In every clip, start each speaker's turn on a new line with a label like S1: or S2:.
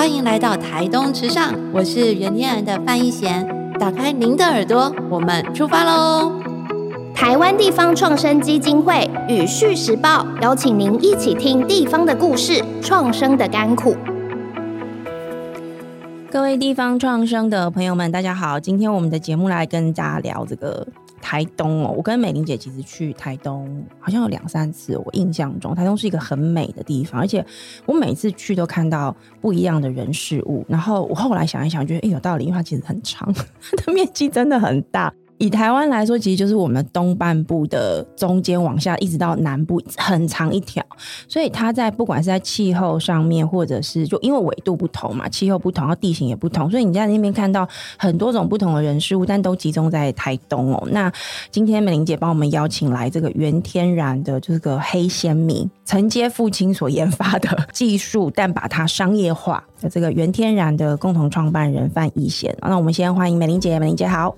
S1: 歡迎來到台東池上，我是源天然的范逸嫻，打開您的耳朵，我們出發嘍！台灣地方創生基金會與《旭時報》邀請您一起聽地方的故事，創生的甘苦。各位地
S2: 方創生的朋友們，大家好，今天我們的節目來跟大家聊這個。台東喔，我跟美伶姐其實去台東好像有兩三次喔，我印象中台東是一個很美的地方，而且我每次去都看到不一樣的人事物。然後我後來想一想，覺得欸，有道理，因為它其實很長，它的面積真的很大。以台灣來說，其實就是我們東半部的中間往下，一直到南部很長一條，所以它在不管是在氣候上面，或者是就因為緯度不同嘛，氣候不同，然後地形也不同，所以你在那邊看到很多種不同的人事物，但都集中在台東哦、喔。那今天美伶姐幫我們邀請來這個源天然的這個黑纖米承接父親所研發的技術，但把它商業化的這個源天然的共同創辦人范逸嫻，那我們先歡迎美伶姐，美伶姐好。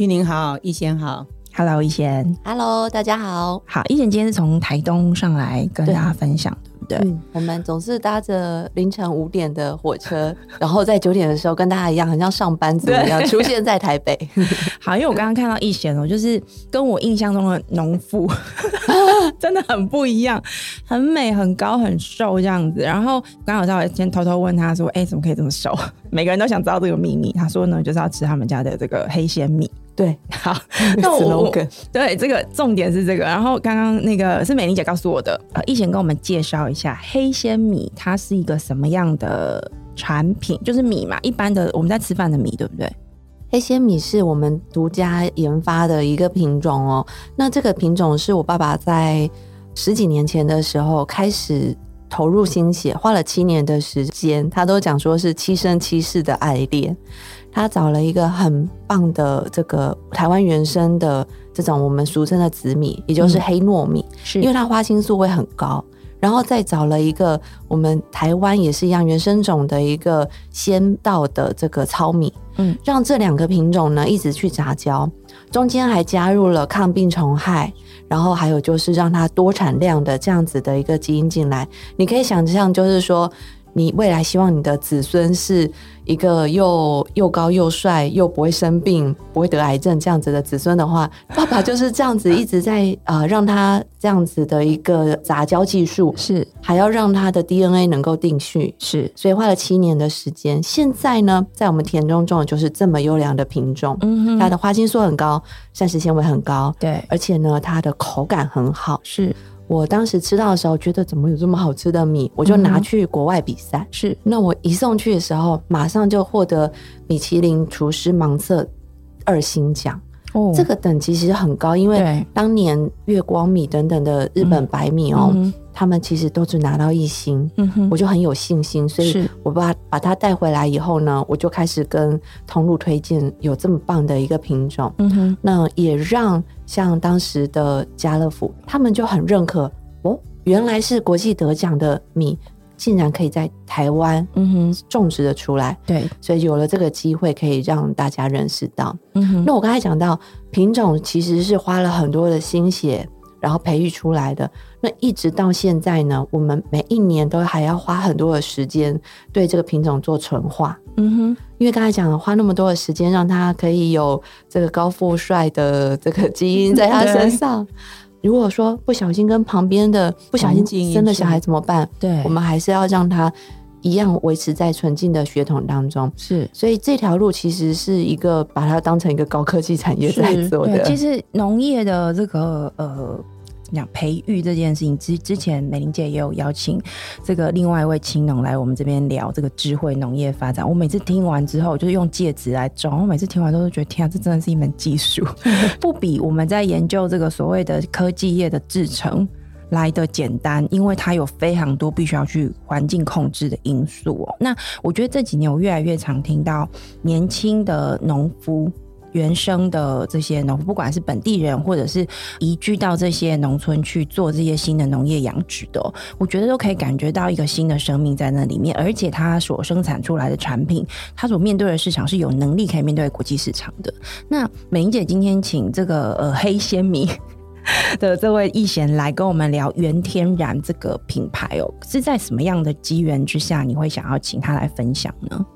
S2: 玉寧好，逸嫻好，Hello 逸嫻，Hello 大家好，
S1: 好逸嫻今天是從
S2: 台東上來跟大家分享，對，對
S1: 不對？我、嗯、們總是搭着凌晨五點的火車， 然後在九點的時候跟大家一樣，很像上班族一樣 出現在台北。 好，因為我剛剛看到逸嫻哦，就是
S2: 跟我印象中的農夫 真的很不一樣，很美、很高、很瘦這樣子。然後剛好在我先偷偷問他說：“哎、欸，怎麼可以這麼瘦？”每個人都想知道這個祕密。他說呢，就是要吃他們家的這個黑纖米。對，好。 那我， 對，這個重點是這個。然後剛剛那個是美伶姐告訴我的呃，逸嫻跟我們介紹一下黑纖米，它是一個什麼樣的產品？就是米嘛，一般的我
S1: 們在吃飯的米，對不對？黑纖米是我們獨家研發的一個品種哦。那這個品種是我爸爸在十幾年前的時候開始。投入心血，花了七年的時間，他都講說是七生七世的愛戀。他找了一個很棒的這個台灣原生的這種我們俗稱的紫米，也就是黑糯米，嗯、是因為它花青素會很高。然後再找了一個我們台灣也是一樣原生種的一個秈稻的這個糙米，嗯，讓這兩個品種呢，一直去雜交，中間還加入了抗病蟲害，然後還有就是讓它多產量的這樣子的一個基因進來，你可以想象就是說。你未來希望你的子孫是一個又又高又帥又不會生病，不會得癌症這樣子的子孫的話，爸爸就是這樣子一直在 呃，讓他這樣子的一個雜交技術是，還要讓他的 DNA 能夠定序是，所以花了七年的時間。現在呢，在我們田中種的就是這麼優良的品種，嗯哼，它的花青素很高，膳食纖維很高，對，而且呢，它的口感很好，是。我當時吃到的時候，覺得怎麼有這麼好吃的米？我就拿去國外比賽。是、嗯，那我一送去的時候，馬上就獲得米其林廚師盲測二星獎。哦，這個等級其實很高，因為當年月光米等等的日本白米哦。嗯嗯他們其實都只拿到一星，嗯，我就很有信心，所以我把把它帶回來以後呢，我就開始跟通路推薦有這麼棒的一個品種，嗯，那也讓像當時的家樂福他們就很認可哦，原來是國際得獎的米，竟然可以在台灣嗯哼種植的出來，對，嗯，所以有了這個機會可以讓大家認識到，嗯，那我剛才講到品種其實是花了很多的心血。然後培育出來的，那一直到現在呢，我們每一年都還要花很多的時間對這個品種做純化。嗯哼，因為剛才講了，花那麼多的時間讓他可以有這個高富帥的這個基因在他身上。如果說不小心跟旁邊的不小心基因生的小孩怎麼辦？嗯，嗯，對，我們還是要讓他一樣維持在純淨的血統當中，是，所以這條路其實是一個把它當成一個高科技產業在做的。對，其實
S2: 農業的這個呃，講培育這件事情，之之前美伶姐也有邀請這個另外一位青農來我們這邊聊這個智慧農業發展。我每次聽完之後，就是用戒指來種，我每次聽完都是覺得，天啊，這真的是一門技術， 不比我們在研究這個所謂的科技業的製程來的簡單，因為它有非常多必須要去環境控制的因素哦。那我覺得這幾年我越來越常聽到年輕的農夫、原生的這些農夫，不管是本地人或者是移居到這些農村去做這些新的農業養殖的，我覺得都可以感覺到一個新的生命在那裡面，而且他所生產出來的產品，他所面對的市場是有能力可以面對國際市場的。那美伶姐今天請這個呃黑纖米的 這位逸嫻來跟我們聊源天然這個品牌哦，
S3: 是在什麼樣的機緣之下，你會想要請他來分享呢？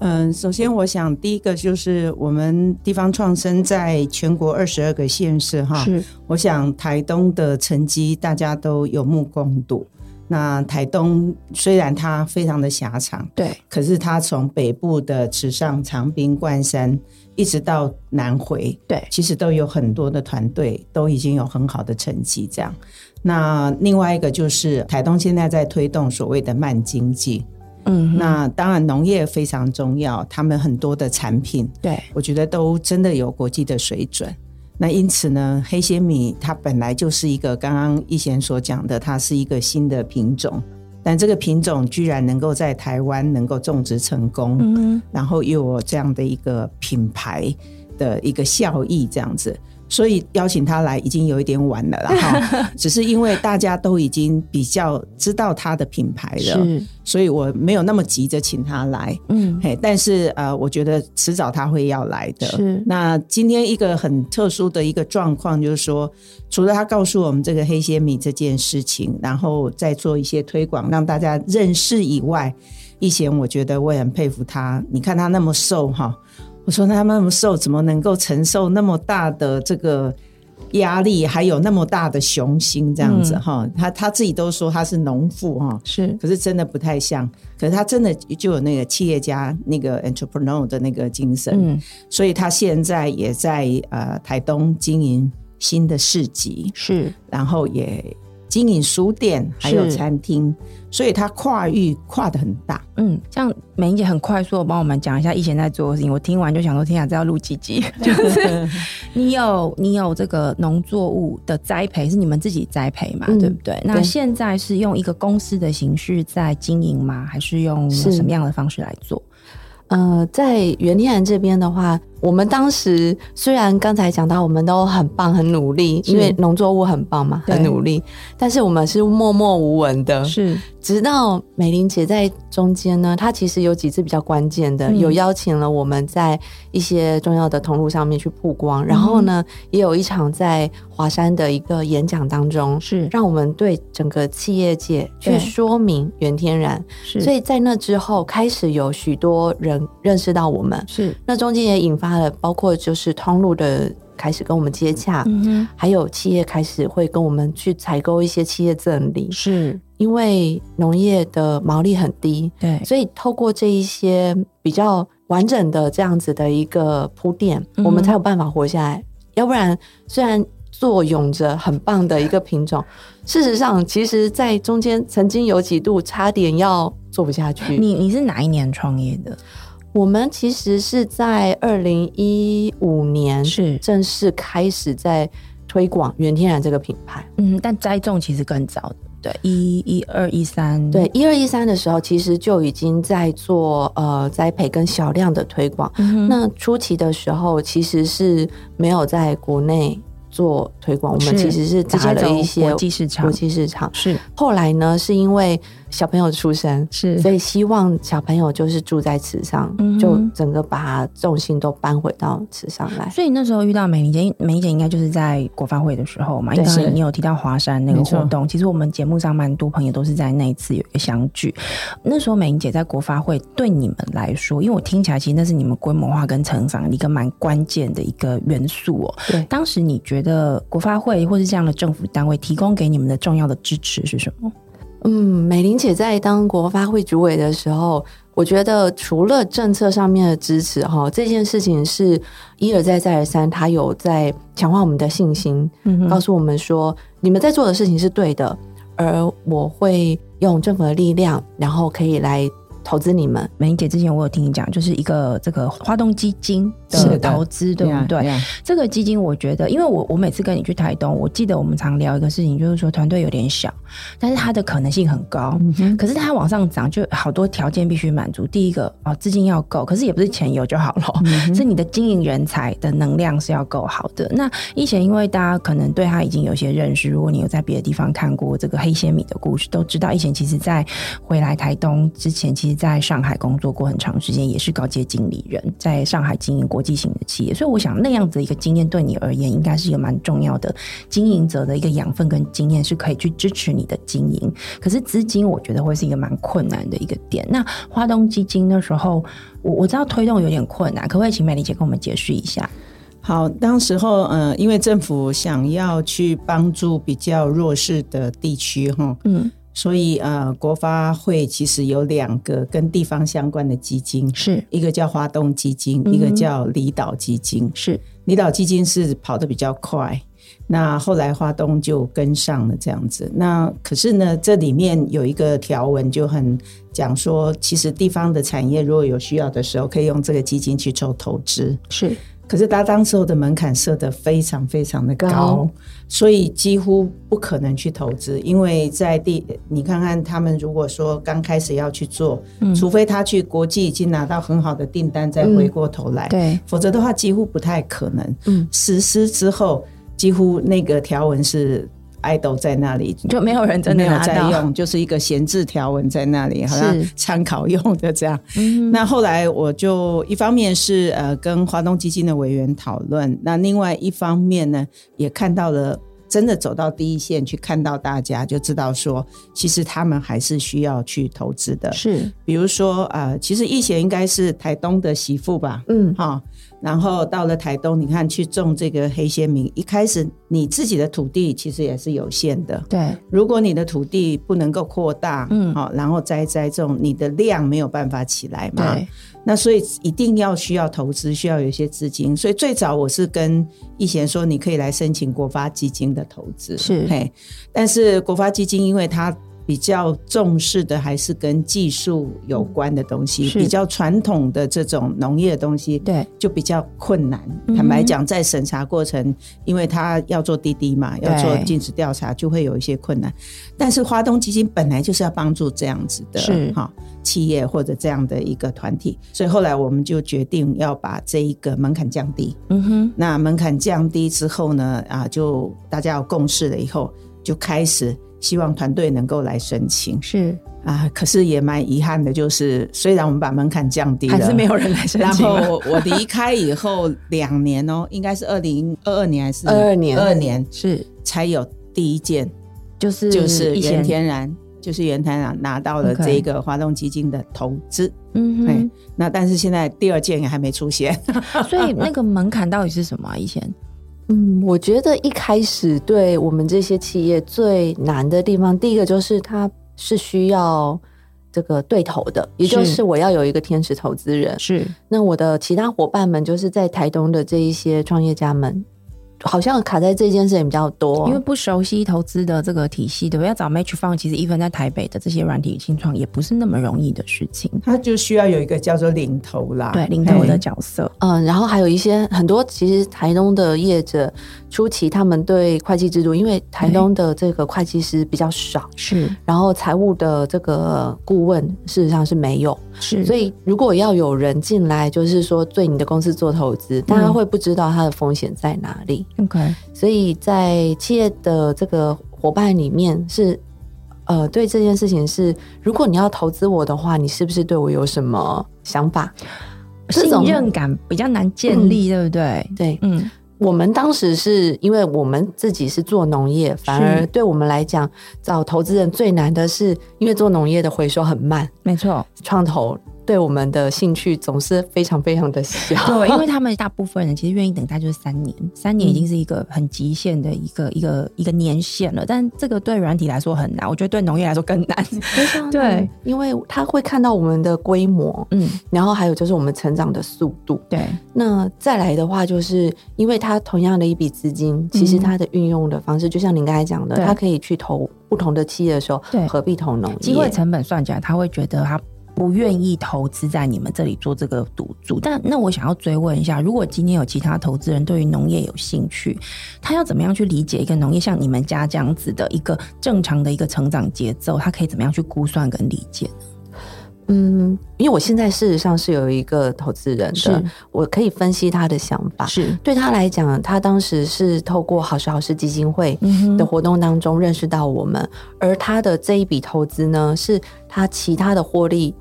S3: 嗯，首先我想第一個就是我們地方創生在全國二十二個縣市哈，是我想台東的成績大家都有目共睹。那台東雖然它非常的狹長，對，可是它從北部的池上、長濱、關山，一直到南迴，對，其實都有很多的團隊都已經有很好的成績。這樣，那另外一個就是台東現在在推動所謂的慢經濟，嗯，那當然農業非常重要，他們很多的產品，對，我覺得都真的有國際的水準。那因此呢，黑纖米它本來就是一個剛剛逸嫻所講的，它是一個新的品種，但這個品種居然能夠在台灣能夠種植成功，嗯，嗯，然後又有這樣的一個品牌的一個效益，這樣子。所以邀請他來已經有一點晚了啦， 只是因為大家都已經比較知道他的品牌了，所以我沒有那麼急着請他來。嗯，嘿，但是呃，我覺得遲早他會要來的。是，那今天一個很特殊的一個狀況就是說，除了他告訴我們這個黑纖米這件事情，然後再做一些推廣，讓大家認識以外，以前我覺得我也很佩服他，你看他那麼瘦哈。我說他那麼瘦，怎麼能夠承受那麼大的這個壓力？還有那麼大的雄心，這樣子哈、嗯？他他自己都說他是農婦哈，是，可是，真的不太像。可是他真的就有那個企業家那個 entrepreneur 的那個精神，嗯、所以他現在也在呃台東經營新的市集，是，然後也。經營書店，還有餐廳，所以它跨域跨的很大。嗯，像美伶姐很快速的幫我們講一下以前在
S2: 做的事情，我聽完就想說，天啊，這要錄幾集？就是 你有你有這個農作物的栽培，是你們自己栽培嘛？嗯、對不對，對？那現在是用一個公司的
S1: 形式在經營嗎？還是用什麼樣的方式來做？呃，在源天然這邊的話。我們當時雖然剛才講到，我們都很棒，很努力，因為農作物很棒嘛，很努力，但是我們是默默無聞的。是，直到美伶姐在中間呢，她其實有幾次比較關鍵的、嗯，有邀請了我們在一些重要的通路上面去曝光，嗯，然後呢，也有一場在華山的一個演講當中，是讓我們對整個企業界去說明源天然。是，所以在那之後，開始有許多人認識到我們。是，那中間也引發。包括就是通路的開始跟我們接洽，嗯，還有企業開始會跟我們去採購一些企業贈禮，是，因為農業的毛利很低，對，所以透過這一些比較完整的這樣子的一個鋪墊，嗯，我們才有辦法活下來。要不然，雖然做擁着很棒的一個品種，事實上，其實在中間曾經有幾度差點要做不下去。你你是哪一年創業的？我們其實是在二零一五年是正式開始在推廣源天然這個品牌，嗯，但栽種其實更早，對，一一二一三，對，一二一三的時候，其實就已經在做呃栽培跟小量的推廣，嗯。那初期的時候其實是沒有在國內做推廣，我們其實是打了一些國際市場，國際市場。是，場是後來呢，是因為。小朋友出生是，所以希望小朋友就是住在池上、嗯，就整個把重心都搬回到池上來。
S2: 所以那時候遇到美伶姐，美伶姐應該就是在國發會的時候嘛，因為你有提到華山那個活動。其實我們節目上蠻多朋友都是在那一次有一個相聚。那時候美伶姐在國發會，對你們來說，因為我聽起來其實那是你們規模化跟成長一個蠻關鍵的一個元素哦。對，當時你覺得國發會或是這樣的政府單位提供給你們的重要的支持是什麼？
S1: 嗯，美伶姐在當國發會主委的時候，我覺得除了政策上面的支持哈，這件事情是一而再、再而三，她有在強化我們的信心，嗯、告訴我們說你們在做的事情是對的，而我會用政府的力量，然後可以來。投資你們，美伶姐之前我有聽你講，就是一個這個
S2: 花東基金的投資，對不對？Yeah, yeah. 這個基金我覺得，因為我我每次跟你去台東，我記得我們常聊一個事情，就是說團隊有點小，但是它的可能性很高。Mm -hmm. 可是它往上漲，就好多條件必須滿足。第一個哦，資金要夠，可是也不是錢有就好了，mm -hmm. 是你的經營人才的能量是要夠好的。那以前因為大家可能對他已經有些認識，如果你有在別的地方看過這個黑纖米的故事，都知道以前其實在回來台東之前，其實。在上海工作過很長時間，也是高階經理人，在上海經營國際型的企業，所以我想那樣子的一個經驗對你而言，應該是一個蠻重要的經營者的一個養分跟經驗，是可以去支持你的經營。可是資金，我覺得會是一個蠻困難的一個點。那花東基金的時候，我我知道推動有點
S3: 困難，可不可以請美伶姐跟我們解釋一下？好，當時候，嗯、呃，因為政府想要去幫助比較弱勢的地區，哈，嗯。所以，呃，國發會其實有兩個跟地方相關的基金，是一個叫花東基金，嗯、一個叫離島基金。是離島基金是跑得比較快，那後來花東就跟上了這樣子。那可是呢，這裡面有一個條文就很講說，其實地方的產業如果有需要的時候，可以用這個基金去做投資。是。可是他當時候的門檻設得非常非常的高，所以幾乎不可能去投資，因為在地你看看他們如果說剛開始要去做，除非他去國際已經拿到很好的訂單，再回過頭來，對，否則的話幾乎不太可能。嗯，實施之後幾乎那個條文是。愛豆在那裡就沒有人真的有在用，就是一個閒置條文在那裡，好像參考用的這樣。那後來我就一方面是呃跟華東基金的委員討論，那另外一方面呢也看到了真的走到第一線去看到大家，就知道說其實他們還是需要去投資的。是，比如說啊、呃，其實逸嫻應該是台東的媳婦吧，嗯，哈。然後到了台東，你看去種這個黑纖米，一開始你自己的土地其實也是有限的，對。如果你的土地不能夠擴大，嗯，好，然後栽栽種，你的量沒有辦法起來嘛，對。那所以一定要需要投資，需要有一些資金。所以最早我是跟逸嫻說，你可以來申請國發基金的投資，是嘿。但是國發基金，因為它比較重視的還是跟技術有關的東西，比較傳統的這種農業的東西，對，就比較困難。嗯、坦白講，在審查過程，因為他要做滴滴嘛，要做盡職調查，就會有一些困難。但是，花東基金本來就是要幫助這樣子的哈企業或者這樣的一個團體，所以後來我們就決定要把這一個門檻降低。嗯哼，那門檻降低之後呢，啊，就大家有共識了以後，就開始。希望團隊能夠來申請，是啊，可是也蠻遺憾的，就是雖然我們把門檻降低了，還是沒有人來申請。然後我離開以後兩 年哦、喔，應該是二零二二年還是二二年？二年，年是才有第一件，就是就是源天然原，就是源天然拿到了這個華東基金的投資。Okay.
S1: 嗯哼
S3: 對，那但是現在第二件也還沒出現， 所以那個門檻到底是什麼啊？以前。
S1: 嗯，我覺得一開始對我們這些企業最難的地方，第一個就是它是需要這個對頭的，也就是我要有一個天使投資人。是，那我的其他伙伴們，就是在台東的這一些創業家們。好像卡在這件事情比較多，因
S2: 為不熟悉投資的這個體系，對，不對，要找 Match f 其實一分在台北的這些軟體新創也不是那麼容易的事情。
S1: 它就需要有一個叫做領頭啦，對，領頭的角色。嗯，然後還有一些很多，其實台東的業者初期他們對會計制度，因為台東的這個會計師比較少，是，然後財務的這個顧問事實上是沒有。是，所以如果要有人進來，就是說，對你的公司做投資，嗯，大家會不知道它的風險在哪裡？OK、嗯、所以在企業的這個夥伴裡面是，是呃，對這件事情是，如果你要投資我的話，你是不是對我有什麼想法？信任感比較難建立，嗯、對不對？對，嗯。我們當時是因為我們自己是做農業，反而對我們來講找投資人最難的是，因為做農業的回收很慢。沒錯，創投。對我們的興趣總是非常非常的小，對，因為
S2: 他們大部分人其實願意等待就是三年，三年已經是一個很極限的一個一個一個年限了。但這個對軟體來說很難，我覺得對農業來說更難。對，
S1: 對，因為他會看到我們的規模，嗯，然後還有就是我們成長的速度。對，那再來的話就是，因為他同樣的一筆資金，其實它的運用的方式，嗯、就像您剛才講的，他可以去投不同的企業的時候，對，何必投農業？機會成
S2: 本算起來，他會覺得他。不願意投資在你們這裡做這個賭注，但那我想要追問一下，如果今天有其他投資人對於農業有興趣，他要怎麼樣去理解一個農業像你們家這樣子的一個正常的一個成長節奏？他可以怎麼樣去估算跟理解呢？嗯，
S1: 因為我現在事實上是有一個投資人的是，我可以分析他的想法。是對他來講，他當時是透過好食好事基金會的活動當中認識到我們，嗯、而他的這一筆投資呢，是他其他的獲利。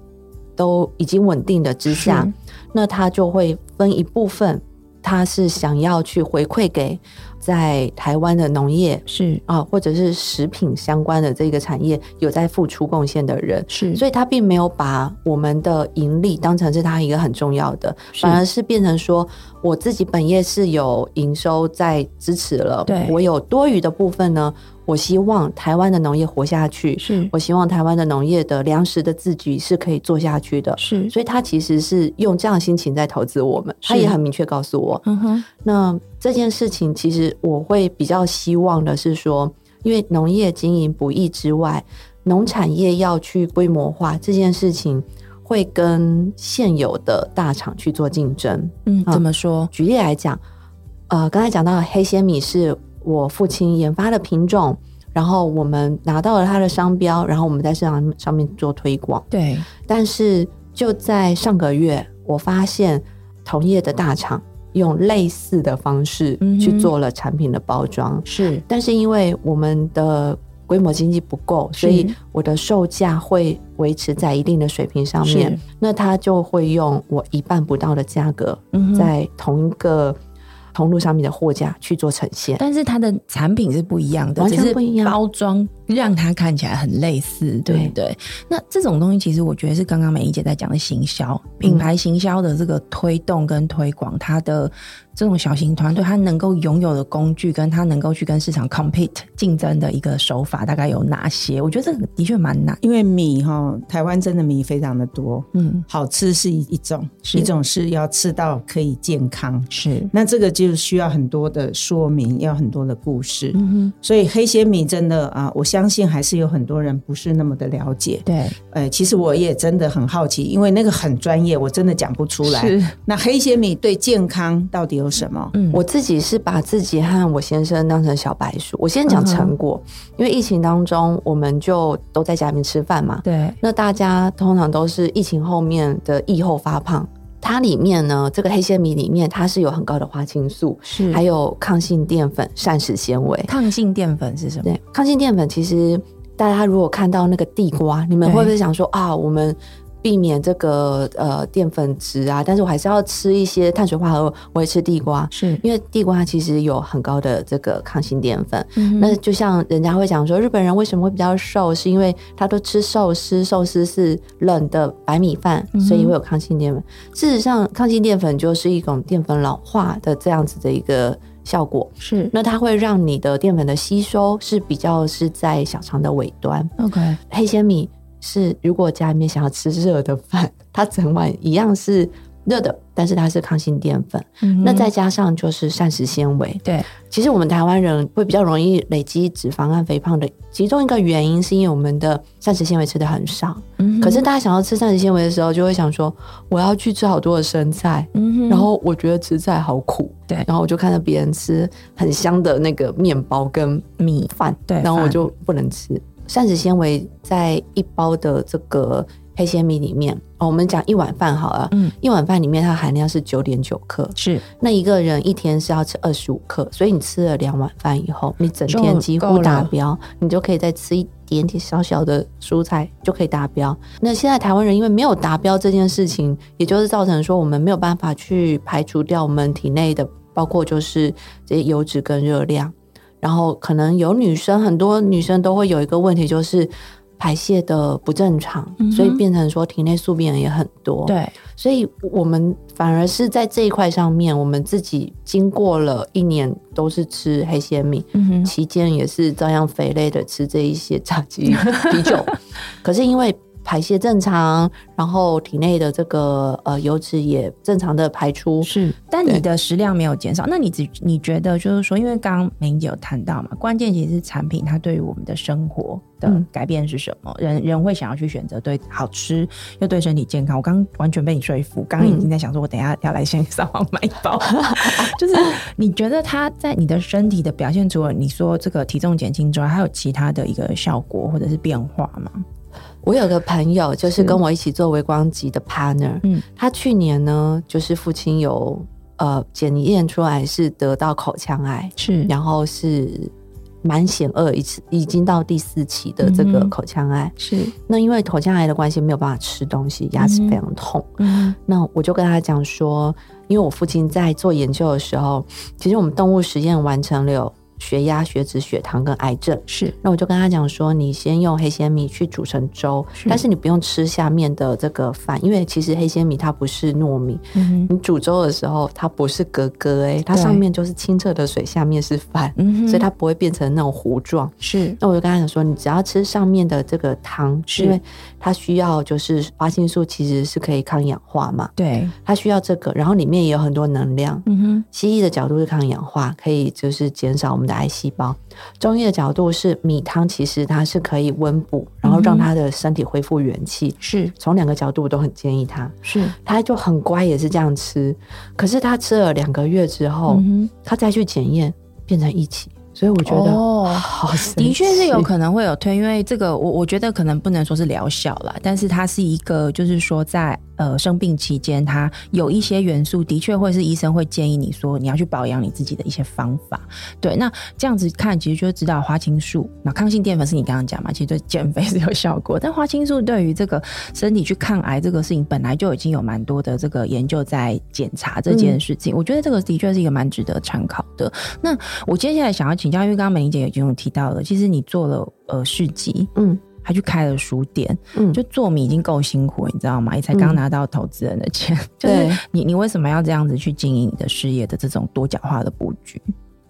S1: 都已經穩定的之下，那他就會分一部分，他是想要去回饋給在台灣的農業是啊，或者是食品相關的這個產業有在付出貢獻的人是，所以他並沒有把我們的盈利當成是他一個很重要的，反而是變成說我自己本業是有營收在支持了，對，我有多餘的部分呢，我希望台灣的農業活下去，是。我希望台灣的農業的糧食的自給是可以做下去的，是。所以他其實是用這樣的心情在投資我們，他也很明確告訴我，嗯哼。那這件事情其實我會比較希望的是說，因為農業經營不易之外，農產業要去規模化這件事情，會跟現有的大廠去做競爭。嗯，怎麼說？啊，舉例來講，呃，剛才講到黑纖米是。我父親研發的品種，然後我們拿到了他的商標，然後我們在市場上面做推廣。對，但是就在上個月，我發現同業的大廠用類似的方式去做了產品的包裝。是、嗯，但是因為我們的規模經濟不夠，所以我的售價會維持在一定的水平上面。是。那他就會用我一半不到的價格，在同一個。通路上面的貨架去做呈現，但是它的產品是不一樣的，而且是不
S2: 一樣包裝。讓它看起來很類似，對不對，對？那這種東西其實我覺得是剛剛美伶姐在講的行銷品牌行銷的這個推動跟推廣，嗯、它的這種小型團隊，它能夠擁有的工具，跟它能夠去跟市
S3: 場 compete 競爭的一個手法，大概有哪些？我覺得這的，的確蠻難，因為米哈台灣真的米非常的多，嗯，好吃是一種，是一種是要吃到可以健康，是那這個就是需要很多的說明，要很多的故事，嗯、所以黑纖米真的啊，我想。相信還是有很多人不是那麼的了解，對，呃，其實我也真的很好奇，因為那個很專業，我真的講不出來。是，那黑
S1: 纖米對健康到底有什麼？嗯，我自己是把自己和我先生當成小白鼠。我先講成果，嗯，因為疫情當中，我們就都在家裡面吃飯嘛。對，那大家通常都是疫情後面的疫後發胖。它裡面呢，這個黑纖米裡面它是有很高的花青素，是還有抗性澱粉、膳食纖維。抗性澱粉是什麼？對，抗性澱粉其實大家如果看到那個地瓜，你們會不會想說啊，我們？避免這個呃澱粉質啊，但是我還是要吃一些碳水化合物，我會吃地瓜，是因為地瓜其實有很高的這個抗性澱粉、嗯。那就像人家會講說，日本人為什麼會比較瘦，是因為他都吃壽司，壽司是冷的白米飯，所以會有抗性澱粉、嗯。事實上，抗性澱粉就是一種澱粉老化的這樣子的一個效果。是，那它會讓你的澱粉的吸收是比較是在小腸的尾端。OK，黑纖米。是，如果家裡面想要吃熱的飯，它整碗一樣是熱的，但是它是抗性澱粉，嗯。那再加上就是膳食纖維。對，其實我們台灣人會比較容易累積脂肪和肥胖的其中一個原因，是因為我們的膳食纖維吃得很少，嗯。可是大家想要吃膳食纖維的時候，就會想說我要去吃好多的生菜，嗯。然後我覺得吃菜好苦。對，然後我就看到別人吃很香的那個麵包跟米飯，對，然後我就不能吃。膳食纖維在一包的這個黑纖米裡面哦，我們講一碗飯好了，嗯，一碗飯裡面它含量是九點九克，是。那一個人一天是要吃二十五克，所以你吃了兩碗飯以後，你整天幾乎達標，你就可以再吃一點點小小的蔬菜就可以達標。那現在台灣人因為沒有達標這件事情，也就是造成說我們沒有辦法去排除掉我們體內的，包括就是這些油脂跟熱量。然後可能有女生，很多女生都會有一個問題，就是排泄的不正常，嗯、所以變成說體內宿便也很多。對，所以我們反而是在這一塊上面，我們自己經過了一年都是吃黑纖米，嗯，期間也是照樣肥累的吃這一些炸雞啤酒， 可是因為排泄正常，然後體內的這個呃油脂也正常的排出，是。但你的食量沒有減少，那你只你覺得就是說，因為剛剛美伶姐有談到
S2: 嘛，關鍵其實是產品它對於我們的生活的改變是什麼？嗯、人人會想要去選擇對好吃又對身體健康。我剛完全被你說服，剛剛已經在想說我等下要來先上網買一包。嗯、 就是你覺得它在你的身體的表現，除了你說
S1: 這個體重減輕之外，還有其他的一個效果或者是變化嗎？我有個朋友，就是跟我一起做微光集的 partner、嗯。他去年呢，就是父親有呃檢驗出來是得到口腔癌，是，然後是蠻險惡，一次已經到第四期的這個口腔癌、嗯。是，那因為口腔癌的關係，沒有辦法吃東西，牙齒非常痛。嗯，那我就跟他講說，因為我父親在做研究的時候，其實我們動物實驗完成了。血壓、血脂、血糖跟癌症是。那我就跟他講說，你先用黑纖米去煮成粥，但是你不用吃下面的這個飯，因為其實黑纖米它不是糯米，嗯，你煮粥的時候它不是格格誒、欸，它上面就是清澈的水，下面是飯，嗯，所以它不會變成那種糊狀。是，那我就跟他講說，你只要吃上面的這個湯，因為。它需要就是花青素，其實是可以抗氧化嘛。對，它需要這個，然後裡面也有很多能量。嗯哼，西醫的角度是抗氧化，可以就是減少我們的癌細胞。中醫的角度是米湯，其實它是可以溫補，然後讓他的身體恢復元氣。是從兩個角度都很建議他，是他就很乖，也是這樣吃。可是他吃了兩個月之後，嗯，他再去檢驗，變成一期。所以我
S2: 覺得，哦，好，的確是有可能會有推，因為這個我我覺得可能不能說是療效啦，但是它是一個，就是說在。呃，生病期間，它有一些元素的確會是醫生會建議你說你要去保養你自己的一些方法。對，那這樣子看，其實就知道花青素、那抗性澱粉是你剛剛講嘛，其實對減肥是有效果。但花青素對於這個身體去抗癌這個事情，本來就已經有蠻多的這個研究在檢查這件事情，嗯。我覺得這個的確是一個蠻值得參考的。那我接下來想要請教，因為剛剛美伶姐已經有提到了，其實你做了呃市集。嗯。他去開了書店，嗯，就做米已經夠辛苦，你知道嗎？你才剛拿到投資人的錢，嗯，就是你，你為什麼要這樣子去經營你的事業的這種多角化的布局？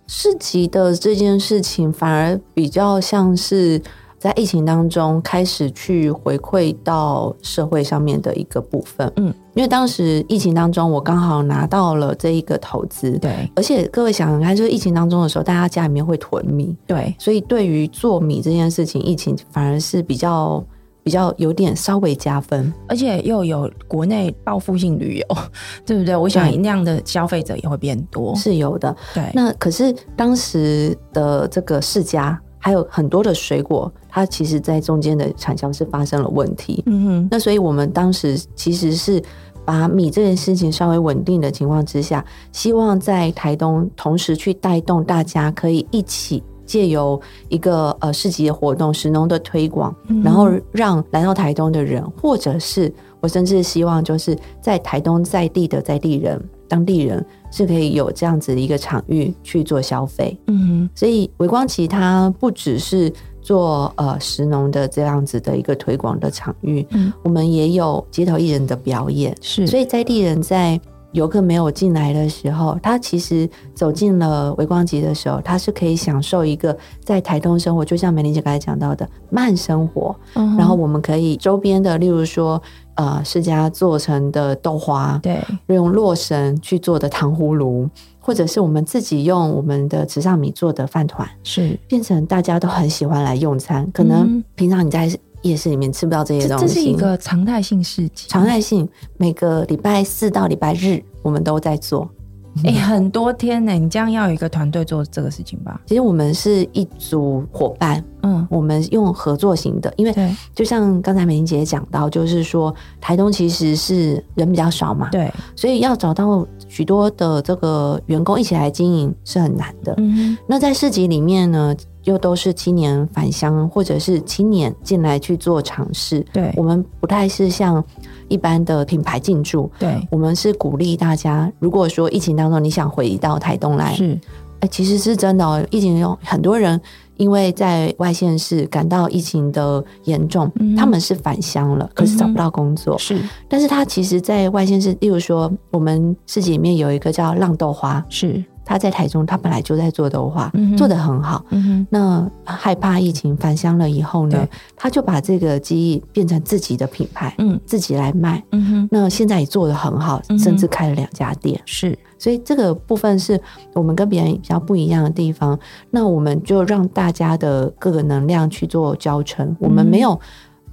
S1: 市集的這件事情反而比較像是。在疫情當中開始去回饋到社會上面的一個部分，嗯，因為當時疫情當中，我剛好拿到了這一個投資，對，而且各位想想看，就是疫情當中的時候，大家家裡面會囤米，對，所以對於做米這件事情，疫情反而是比較比較有點稍微加分，而且又有國內報復性旅遊， 對不對？我想那樣的消費者也會變多，是有的，對。那可是當時的這個世家。還有很多的水果，它其實在中間的產銷是發生了問題。嗯哼，那所以我們當時其實是把米這件事情稍微穩定的情況之下，希望在台東同時去帶動大家可以一起借由一個呃市集的活動，食農的推廣、嗯，然後讓來到台東的人，或者是我甚至希望就是在台東在地的在地人。當地人是可以有這樣子的一個場域去做消費，
S2: 嗯，
S1: 所以微光集它不只是做呃食農的這樣子的一個推廣的場域，嗯，我們也有街頭藝人的表演，是，所以在地人在遊客沒有進來的時候，他其實走進了微光集的時候，他是可以享受一個在台東生活，就像美伶姐剛才講到的慢生活，哦，然後我們可以周邊的，例如說，呃，釋迦做成的豆花，對，用洛神去做的糖葫蘆，或者是我們自己用我們的池上米做的飯糰，是變成大家都很喜歡來用餐。可能平常你在夜市裡面吃不到這些東西，嗯、這，這是一個常態性事情。常態性，每個禮拜四到禮拜日，我們都在做。欸、很多天呢，你這樣要有一個團隊做這個事情吧？其實我們是一組夥伴，嗯，我們用合作型的，因為就像剛才美伶姐講到，就是說台東其實是人比較少嘛，對，所以要找到許多的這個員工一起來經營是很難的。嗯，那在市集裡面呢，又都是青年返鄉或者是青年進來去做嘗試，對，我們不太是像。一般的品牌進駐，對我們是鼓勵大家。如果說疫情當中你想回到台東來，是，哎、欸，其實是真的。疫情有很多人因為在外縣市感到疫情的嚴重、嗯，他們是返鄉了、嗯，可是找不到工作。是，但是他其實在外縣市，例如說我們市集裡面有一個叫浪豆花，是。他在台中，他本來就在做的話，嗯、做得很好、嗯。那害怕疫情返鄉了以後呢，他就把這個記憶變成自己的品牌，嗯，自己來賣。嗯哼，那現在也做得很好、嗯，甚至開了兩家店。是，所以這個部分是我們跟別人比較不一樣的地方。那我們就讓大家的各個能量去做交乘、嗯，我們沒有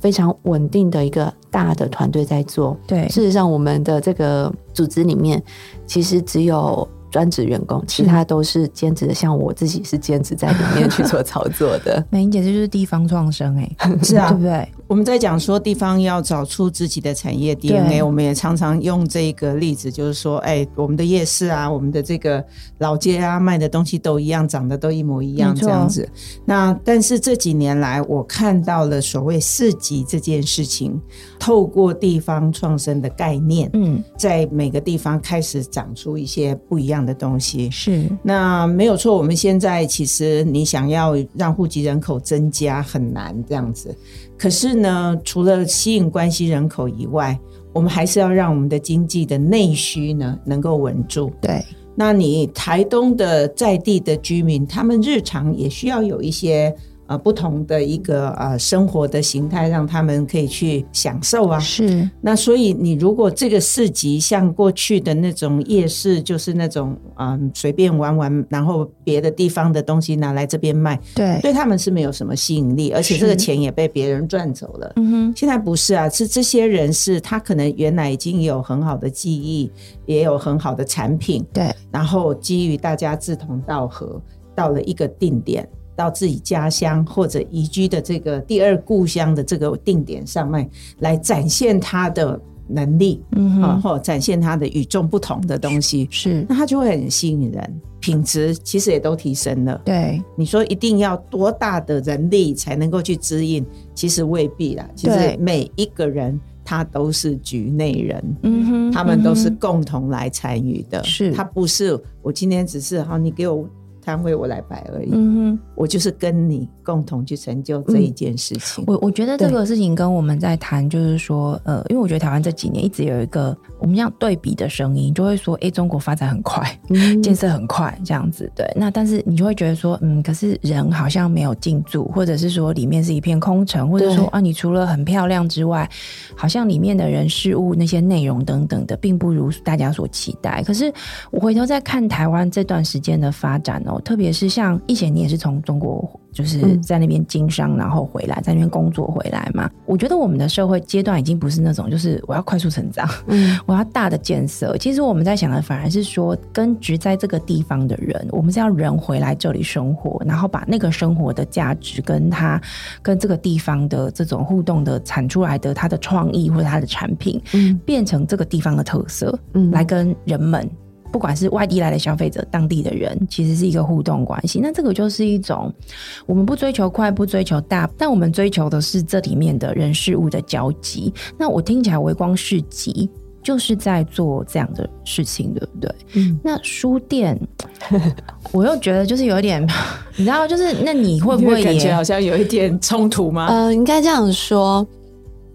S1: 非常穩定的一個大的團隊在做。對，事實上，我們的這個組織裡面其實只有。專職員工，其他都是兼職的。像我自己是兼職在裡面去做操作的。
S3: 美伶姐，這就是地方創生哎、欸， 是啊，對不對？我們在講說地方要找出自己的產業 DNA，我們也常常用這個例子，就是說，哎、欸，我們的夜市啊，我們的這個老街啊，賣的東西都一樣，長得都一模一樣這樣子。那但是這幾年來，我看到了所謂市集這件事情，透過地方創生的概念，嗯，在每個地方開始長出一些不一樣。的東西是，那沒有錯，我們現在其實你想要讓戶籍人口增加很難這樣子。可是呢，除了吸引關係人口以外，我們還是要讓我們的經濟的內需呢，能夠穩住。對，那你台東的在地的居民，他們日常也需要有一些。啊、呃，不同的一個啊、呃、生活的形態，讓他們可以去享受啊。是。那所以你如果這個市集像過去的那種夜市，就是那種嗯、呃，隨便玩玩，然後別的地方的東西拿來這邊賣。對。對他們是沒有什麼吸引力，而且這個錢也被別人賺走了。嗯哼。現在不是啊，是這些人是，他可能原來已經有很好的技藝，也有很好的產品。對。然後基於大家志同道合，到了一個定點。到自己家鄉或者移居的這個第二故鄉的這個定點上面來展現他的能力，嗯哼，或、啊、展現他的與眾不同的東西，是，是那他就會很吸引人，品質其實也都提升了，對，你說一定要多大的人力才能夠去指引？其實未必啦，其實每一個人他都是局內人，嗯哼，他們都是共同來參與的，是他不是我今天只是哈、啊，你給我。攤位我來擺而已，嗯哼，我就是跟你共同去成就這一件事情。我我覺得這個事
S2: 情跟我們在談，就是說，呃，因為我覺得台灣這幾年一直有一個我們這樣對比的聲音，就會說，哎、欸，中國發展很快，嗯、建設很快，這樣子，對。那但是你就會覺得說，嗯，可是人好像沒有進駐，或者是說裡面是一片空城，或者說啊，你除了很漂亮之外，好像裡面的人事物那些內容等等的，並不如大家所期待。可是我回頭再看台灣這段時間的發展哦、喔。特別是像以前你也是從中國，就是在那邊經商，然後回來，在那邊工作回來嘛。我覺得我們的社會階段已經不是那種，就是我要快速成長，嗯，我要大的建設。其實我們在想的反而是說，根植在這個地方的人，我們是要人回來這裡生活，然後把那個生活的價值跟他跟這個地方的這種互動的產出來的他的創意或者他的產品，嗯，變成這個地方的特色，嗯，來跟人們。不管是外地來的消費者，當地的人，其實是一個互動關係。那這個就是一種，我們不追求快，不追求大，但我們追求的是這裡面的人事物的交集。那我聽起來，微光市集就是在做這樣的事情，對不對？嗯。那書店，我又覺得就是有一點， 你知道，就是那
S3: 你會不會感覺好像有一點衝突嗎？嗯， 呃，
S1: 應該這樣說。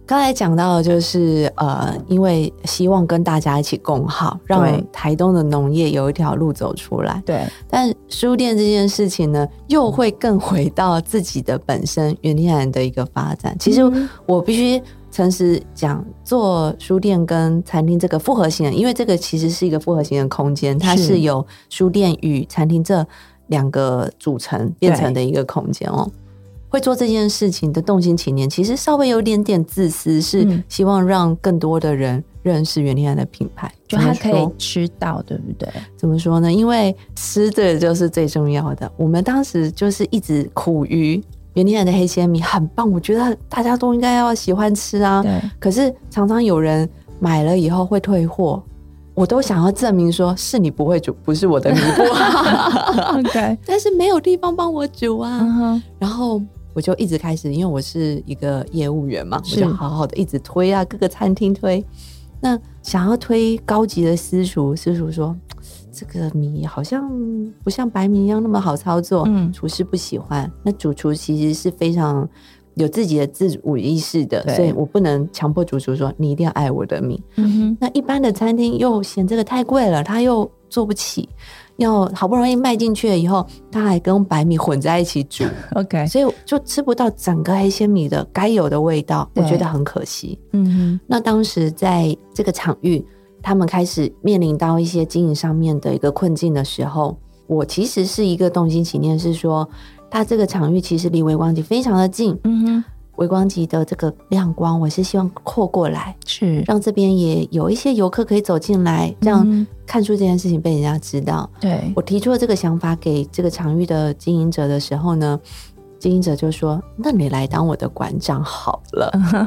S1: 剛才講到的就是，呃，因為希望跟大家一起共好，讓台東的農業有一條路走出來。對。但書店這件事情呢，又會更回到自己的本身，源天然的一個發展。其實我必須誠實講，嗯，做書店跟餐廳這個複合型的，因為這個其實是一個複合型的空間，它是由書店與餐廳這兩個組成變成的一個空間哦、喔。會做這件事情的動心起念，其實稍微有點點自私，是希望讓更多的人認識源天然的品牌，就、嗯、他可以吃到，對不對？怎麼說呢？因為吃的就是最重要的。我們當時就是一直苦於源天然的黑纖米很棒，我覺得大家都應該要喜歡吃啊。可是常常有人買了以後會退貨，我都想要證明說是你不會煮，不是我的米不、 okay. 但是沒有地方幫我煮啊。Uh -huh. 然後。我就一直開始，因為我是一個業務員嘛，是我就好好的一直推啊，各個餐廳推。那想要推高級的私廚，私廚說這個米好像不像白米一樣那麼好操作，嗯、廚師不喜歡。那主廚其實是非常有自己的自主意識的，所以我不能強迫主廚說你一定要愛我的米。嗯、那一般的餐廳又嫌這個太貴了，他又做不起。要好不容易賣進去了以後，他還跟白米混在一起煮，OK，所以就吃不到整個黑纖米的該有的味道，我覺得很可惜。嗯哼，那當時在這個場域，他們開始面臨到一些經營上面的一個困境的時候，我其實是一個動心起念，是說他這個場域其實離微光集非常的近。嗯哼。微光集的這個亮光，我是希望擴過來，是讓這邊也有一些遊客可以走進來，這樣看出這件事情被人家知道。嗯、對我提出了這個想法給這個場域的經營者的時候呢，經營者就說：“那你來當我的館長好了。嗯”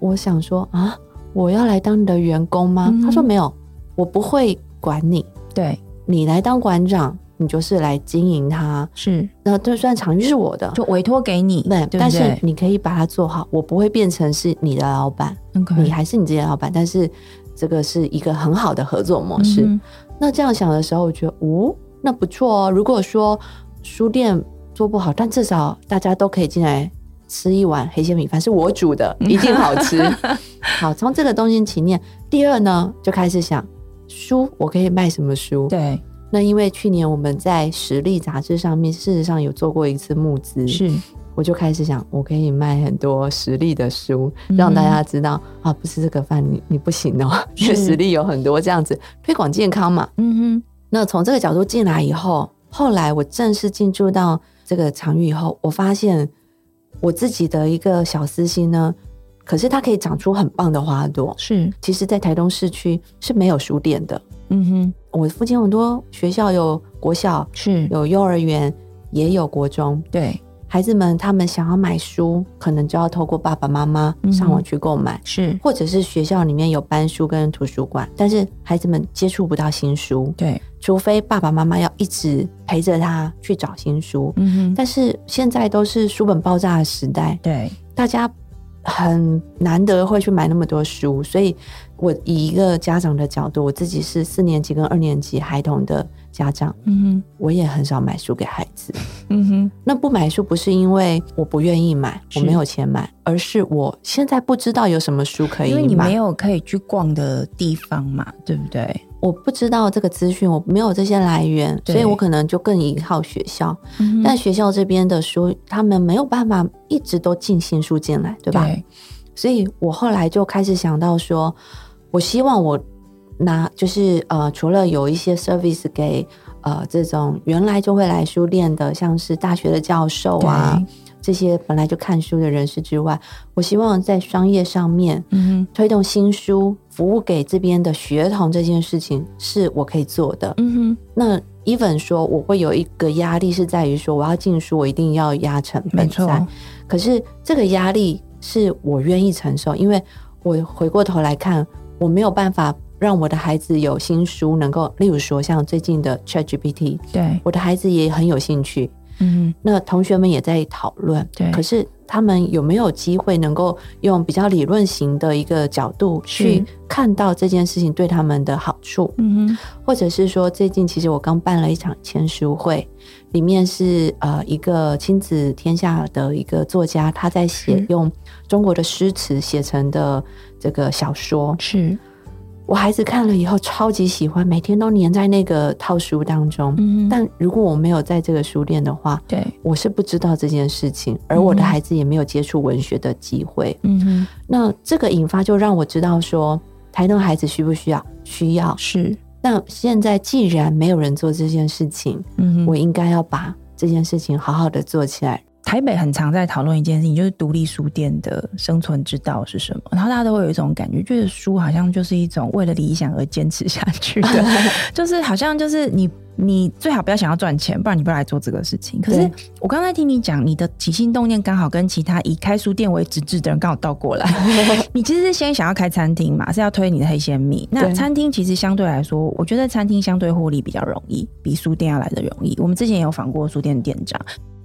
S1: 我想說：“啊，我要來當你的員工嗎、嗯？”他說：“沒有，我不會管你。對，你來當館長。”你就是來經營它，是那就算場域是我的，就委托給你，對，但是你可以把它做好，我不會變成是你的老板，okay. 你還是你自己的老板，但是這個是一個很好的合作模式。嗯、那這樣想的時候，我覺得哦，那不錯哦。如果說書店做不好，但至少大家都可以進來吃一碗黑纖米飯，是我煮的，一定好吃。 好，從這個東西起念。第二呢，就開始想書，我可以賣什麼書？對。那因為去年我們在實力雜誌上面事實上有做過一次募資，是我就開始想，我可以賣很多實力的書，嗯、讓大家知道啊，不吃這個飯你你不行哦、喔。確實力有很多這樣子推廣健康嘛。嗯哼。那從這個角度進來以後，後來我正式進駐到這個場域以後，我發現我自己的一個小私心呢，可是它可以長出很棒的花朵。是，其實，在台東市區是沒有書店的。嗯哼，我附近很多學校有國小，是有幼兒園，也有國中。對，孩子們他們想要買書，可能就要透過爸爸媽媽上網去購買，mm -hmm. 是，或者是學校裡面有班書跟圖書館，但是孩子們接觸不到新書，對，除非爸爸媽媽要一直陪着他去找新書。嗯哼，但是現在都是書本爆炸的時代，對，大家很難得會去買那麼多書，所以，我以一個家長的角度，我自己是四年級跟二年級孩童的家長，嗯哼，我也很少買書給孩子，嗯哼。那不買書不是因為我不願意買，我沒有錢買，而是我現在不知道有什麼書可以買，因為你沒有可以去逛的地方嘛，對不對？我不知道這個資訊，我沒有這些來源，所以我可能就更依靠學校、嗯。但學校這邊的書，他們沒有辦法一直都進新書進來，對吧對？所以我後來就開始想到說，我希望我拿就是呃，除了有一些 service 給呃這種原來就會來書店的，像是大學的教授啊這些本來就看書的人士之外，我希望在商業上面推動新書。嗯服務給這邊的學童，這件事情是我可以做的。嗯哼，那 Even 說我會有一個壓力是在於說，我要進書，我一定要壓成本。沒錯，可是這個壓力是我願意承受，因為我回過頭來看，我沒有辦法讓我的孩子有新書能夠，例如說像最近的 ChatGPT，對，我的孩子也很有興趣。嗯，那同學們也在討論，對。可是他們有沒有機會能夠用比較理論型的一個角度去看到這件事情對他們的好處？嗯哼，或者是說，最近其實我剛辦了一場簽書會，裡面是呃一個親子天下的一個作家，他在寫用中國的詩詞寫成的這個小說是。我孩子看了以後超級喜歡，每天都粘在那個套書當中、嗯。但如果我沒有在這個書店的話，對，我是不知道這件事情，而我的孩子也沒有接觸文學的機會。嗯，那這個引發就讓我知道說，台東孩子需不需要？需要。是。但現在既然沒有人做這件事情，嗯，我應該要把這件事情好好的做起
S2: 來。台北很常在討論一件事情，就是獨立書店的生存之道是什麼。然後大家都會有一種感覺，就是書好像就是一種為了理想而堅持下去的， 就是好像就是你你最好不要想要賺錢，不然你不要來做這個事情。可是我剛才聽你講，你的起心動念剛好跟其他以開書店為職志的人剛好倒過來。 你其實是先想要開餐廳嘛，是要推你的黑纖米。那餐廳其實相對來說，我覺得餐廳相對獲利比較容易，比書店要來得容易。我們之前也有訪過書店店長。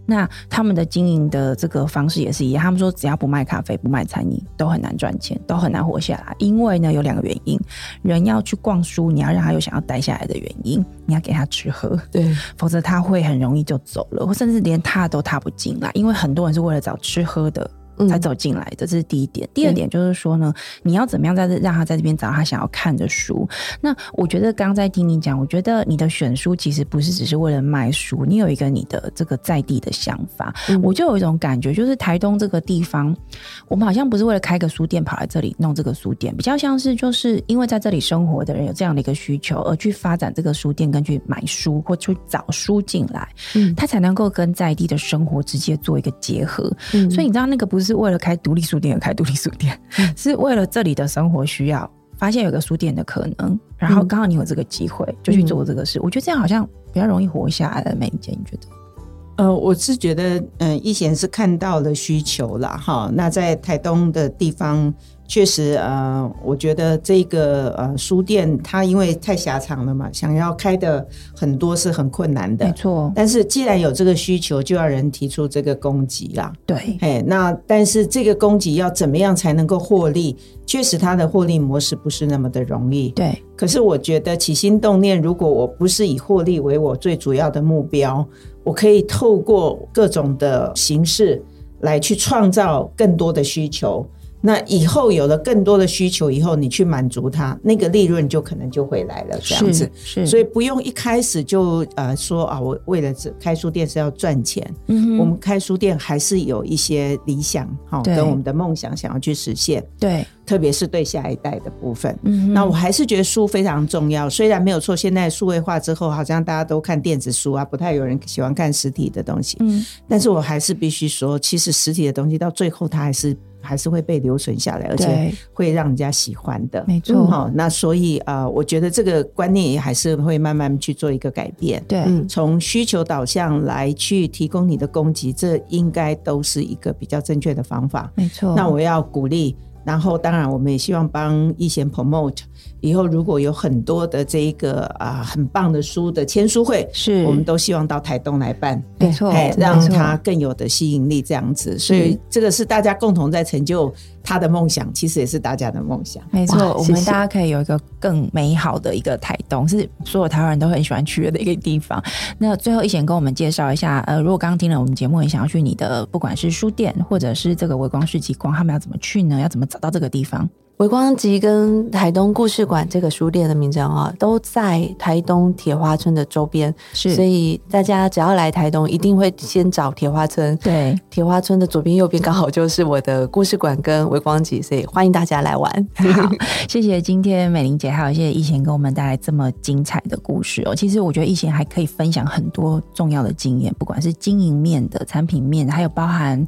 S2: 那他們的經營的這個方式也是一樣，他們說只要不賣咖啡，不賣餐飲都很難賺錢，都很難活下來。因為呢有兩個原因，人要去逛書，你要讓他有想要待下來的原因，你要給他吃喝，對，否則他會很容易就走了，或甚至連踏都踏不進來。因為很多人是為了找吃喝的。嗯、才走進來的，這是第一點。第二點就是說呢，嗯、你要怎麼樣在這讓他在這邊找他想要看的書？那我覺得剛剛在聽你講，我覺得你的選書其實不是只是為了賣書，你有一個你的這個在地的想法。嗯。我就有一種感覺，就是台東這個地方，我們好像不是為了開個書店跑來這裡弄這個書店，比較像是就是因為在這裡生活的人有這樣的一個需求，而去發展這個書店，跟去買書或去找書進來，嗯，他才能夠跟在地的生活直接做一個結合。嗯、所以你知道那個不是。是為了開獨立書店而開獨立書店，是為了這裡的生活需要，發現有個書店的可能，然後剛好你有這個機會、嗯、就去做這個事。我覺得這樣好像比較容易活下來了。美、嗯、伶，你覺得？
S3: 呃，我是覺得，嗯，逸嫻是看到了需求了，哈。那在台東的地方，確實，呃，我覺得這個呃書店，它因為太狹長了嘛，想要開的很多是很困難的。沒錯，但是既然有這個需求，就要人提出這個供給啦。對，嘿那但是這個供給要怎麼樣才能夠獲利？確實，它的獲利模式不是那麼的容易。對，可是我覺得起心動念，如果我不是以獲利為我最主要的目標，我可以透過各種的形式來去創造更多的需求。那以後有了更多的需求，以後你去滿足它，那個利潤就可能就會來了。這樣子，所以不用一開始就呃說啊，我為了開書店是要賺錢。嗯，我們開書店還是有一些理想好，跟我們的夢想想要去實現。對，特別是對下一代的部分。嗯，那我還是覺得書非常重要。雖然沒有錯，現在數位化之後，好像大家都看電子書啊，不太有人喜歡看實體的東西。嗯，但是我還是必須說，其實實體的東西到最後它還是。還是會被留存下來，而且會讓人家喜歡的，沒錯哈、嗯。那所以啊，我覺得這個觀念也還是會慢慢去做一個改變，對，從需求導向來去提供你的供給，這應該都是一個比較正確的方法，沒錯。那我要鼓勵，然後當然我們也希望幫逸嫻 promote。以後如果有很多的這一個啊很棒的書的簽書會，是，我們都希望到台東來辦，沒錯，哎、沒錯，讓它更有的吸引力這樣子，所以這個是大家共同在成就他的夢想，其實也是大家的夢想，沒錯，我們大家可以有一個更美好的一個台東，謝謝，是所有台灣人都
S2: 很喜歡去的一個地方。那最後逸嫻跟我們介紹一下，呃，如果剛聽了我們節目，很想要去你的不管是書店或者是這個微光集，他們要怎麼去呢？要怎麼找到這個地方？
S1: 微光集跟台東故事館這個書店的名字啊，都在台東鐵花村的周邊，是，所以大家只要來台東，一定會先找鐵花村。對，鐵花村的左邊、右邊剛好就是我的故事館跟微光集，所以歡迎大家來玩。 好，謝謝今天美伶
S2: 姐，還有謝謝逸嫻，給我們帶來這麼精彩的故事哦、喔。其實我覺得逸嫻還可以分享很多重要的經驗，不管是經營面的產品面的，還有包含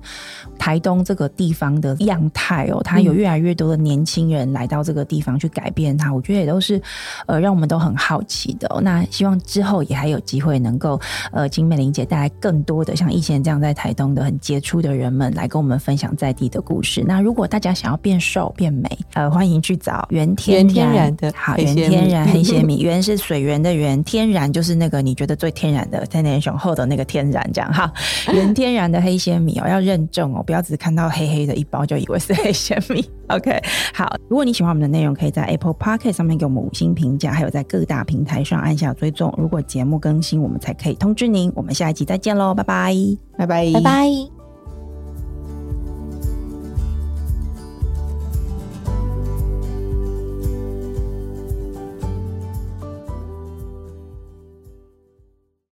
S2: 台東這個地方的樣態哦、喔。它有越來越多的年輕、嗯。新人來到這個地方去改變它，我覺得也都是呃讓我們都很好奇的、哦。那希望之後也還有機會能夠呃請美伶姐帶來更多的像逸嫻這樣在台東的很傑出的人們來跟我們分享在地的故事。那如果大家想要變瘦變美，呃歡迎去找源天然，源天然的，好源天然黑纖米， 米，源是水源的源，天然就是那個你覺得最天然的、天然雄厚的那個天然，這樣哈，好 源天然的黑纖米哦，要認證哦，不要只看到黑黑的一包就以為是黑纖米。OK，好。如果你喜歡我們的內容，可以在 Apple Podcast 上面給我們五星評價，還有在各大平台上按下追蹤。如果節目更新，我們才可以通知您。我們下一集再見嘍，拜拜，拜拜，拜拜。